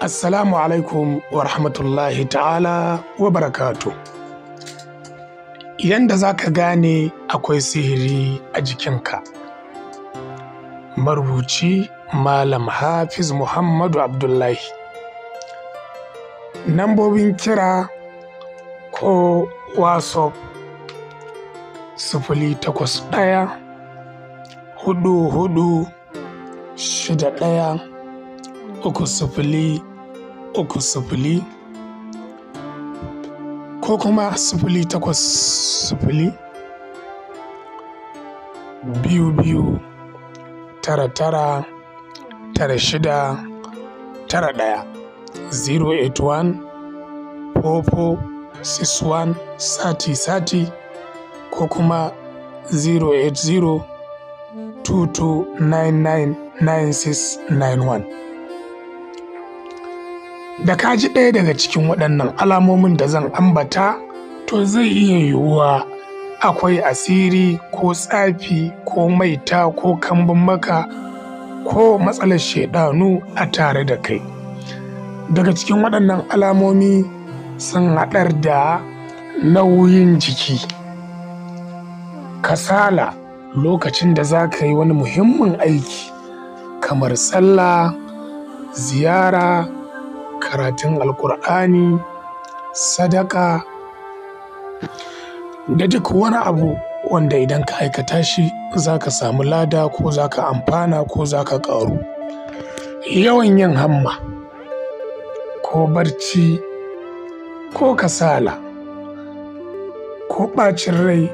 Assalamu alaikum wa rahmatullahi ta'ala wa barakatu. Yanda za ka gane akwai sihiri a jikinka. Marubuci Malam Hafiz Muhammadu Abdullahi. Nambobin kira ko waso sifili takwas ɗaya hudu hudu shida ɗaya uku sufuli uku sufuli ko kuma sufuli takwas sufuli biyu biyu tara tara tara shida tara ɗaya 081 44 61 sati sati ko kuma 080 2299 9691 da ka ji ɗaya daga cikin waɗannan alamomin da zan ambata to zai iya yiwuwa akwai asiri ko tsafi ko maita ko kambun maka ko matsalar shaidanu a tare da kai daga cikin waɗannan alamomi sun haɗar da nauyin jiki kasala lokacin da za ka yi wani muhimmin aiki kamar sallah ziyara karatun alkur'ani sadaka da duk wani abu wanda idan ka aikata shi za ka samu lada ko za ka amfana ko za ka ƙaru yawan yin hamma ko barci ko kasala ko ɓacin rai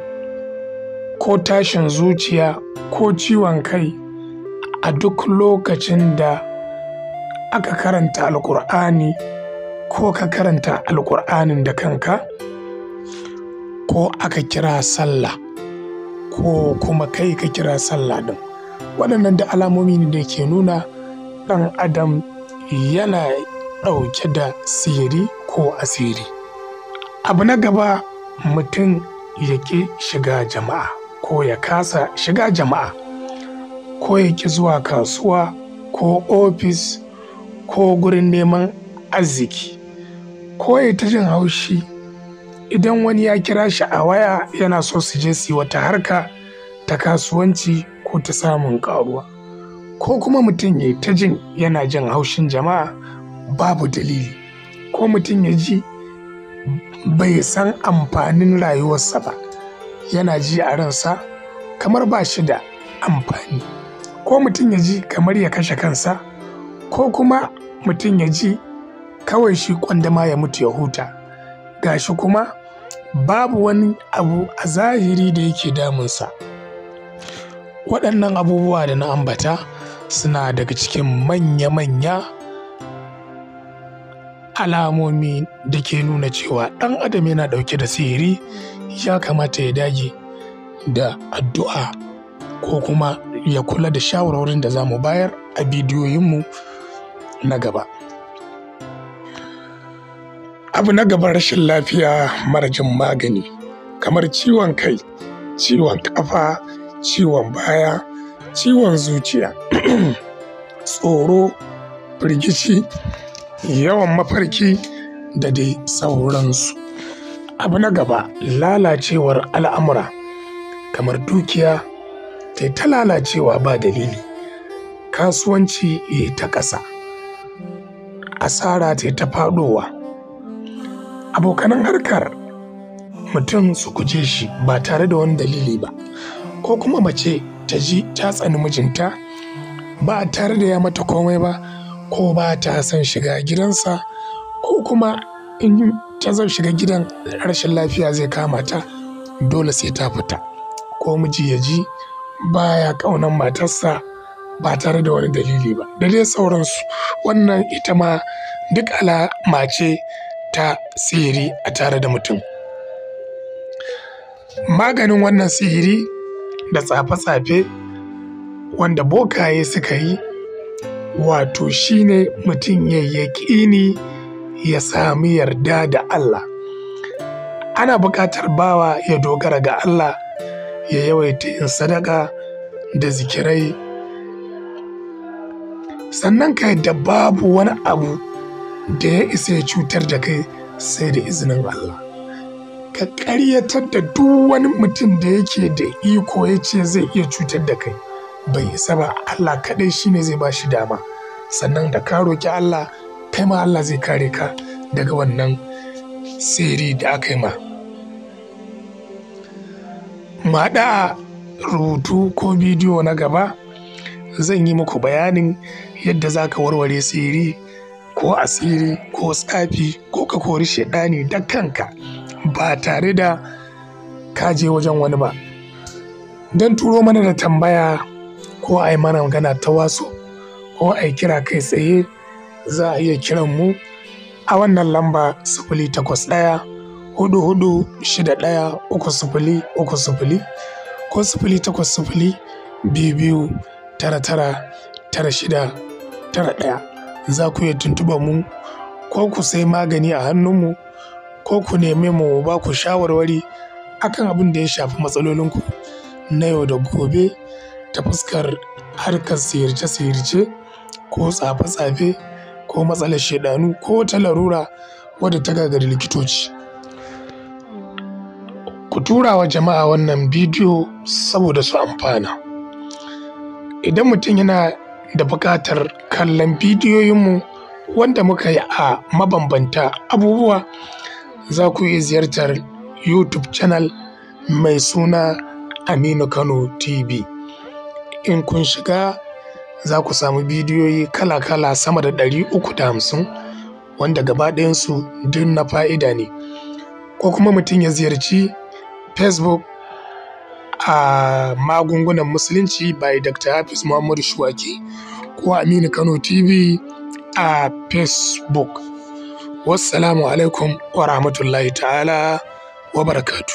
ko tashin zuciya ko ciwon kai a duk lokacin da aka karanta Alkur'ani ko ka karanta Alkur'anin da kanka ko aka kira sallah ko kuma kai ka kira sallah din? Waɗannan da alamomi ne da ke nuna ɗan adam yana ɗauke da siri ko asiri. Abu na gaba mutum ya ƙi shiga jama'a ko ya kasa shiga jama'a ko ya ƙi zuwa kasuwa ko ofis ko gurin neman arziki ko ya ta jin haushi idan wani ya kira shi a waya yana so su je su yi wata harka ta kasuwanci ko ta samun karuwa ko kuma mutum ya ta jin yana jin haushin jama'a babu dalili ko mutum ya ji bai san amfanin rayuwarsa ba yana ji a ransa kamar ba shi da amfani ko mutum ya ji kamar ya kashe kansa ko kuma mutum ya ji kawai shi kwandama ya mutu ya huta gashi kuma babu wani abu a zahiri da yake damunsa waɗannan abubuwa da na ambata suna daga cikin manya-manya alamomi da ke nuna cewa ɗan adam yana ɗauke da sihiri ya kamata ya dage da addu'a ko kuma ya kula da shawarwarin da za mu bayar a bidiyoyinmu na gaba abu na gaba rashin lafiya mara jin magani kamar ciwon kai ciwon kafa ciwon baya ciwon zuciya tsoro firgici yawan mafarki da dai sauransu abu na gaba lalacewar al'amura kamar dukiya ta ta lalacewa ba dalili kasuwanci ya ta ƙasa asara ta yi ta faɗowa abokanan harkar mutum su guje shi ba tare da wani dalili ba ko kuma mace ta ji ta tsani mijinta ba tare da ya mata komai ba ko ba ta san shiga gidansa ko kuma in ta zan shiga gidan rashin lafiya zai kama ta dole sai ta fita ko miji ya ji ba baya ƙaunar matarsa ba tare da wani dalili ba da dai sauransu. Wannan ita ma duk alama ce ta sihiri a tare da mutum. Maganin wannan sihiri da tsafe-tsafe wanda bokaye suka yi wato shine mutum ya yaƙini ya sami yarda da Allah. Ana buƙatar bawa ya dogara ga Allah ya yawaita yin sadaka da zikirai sannan ka yadda babu wani abu da ya isa ya cutar da kai sai da izinin Allah ka ƙaryatar da duk wani mutum da yake da iko ya ce zai iya cutar da kai bai isa ba Allah kaɗai shi ne zai ba shi dama sannan da ka roƙi Allah kai ma Allah zai kare ka daga wannan siri da aka yi ma maɗa rubutu ko bidiyo na gaba zan yi muku bayanin yadda za ka warware tsiri ko asiri ko tsafi ko ka kori ne da kanka ba tare da ka je wajen wani ba don turo mana da tambaya ko a yi mana magana ta wasu ko a yi kira kai tsaye za a iya kiran mu a wannan lamba sifili takwas ɗaya hudu hudu shida ɗaya uku uku ko sifili takwas biyu biyu tara tara tara shida tara ɗaya. Za ku iya tuntuɓa mu ko ku sai magani a hannunmu ko ku neme mu ba ku shawarwari akan abin da ya shafi matsalolinku na yau da gobe ta fuskar harkar sayarce-sayarce ko tsafe-tsafe ko matsalar shaidanu ko ta larura wadda ta gagari likitoci. Ku tura wa jama'a wannan bidiyo saboda su amfana. idan mutum yana da buƙatar kallon bidiyoyinmu wanda muka yi a mabambanta abubuwa za ku iya ziyartar YouTube channel mai suna Aminu Kano TV. In kun shiga za ku samu bidiyoyi kala-kala sama da ɗari uku da hamsin wanda gabaɗayansu duk na fa'ida ne. Ko kuma mutum ya ziyarci Facebook a magungunan musulunci by Dr. Hafiz Muhammadu Shuwaki ko Aminu Kano TV a Facebook. Wassalamu alaikum wa rahmatullahi ta'ala wa barakatu.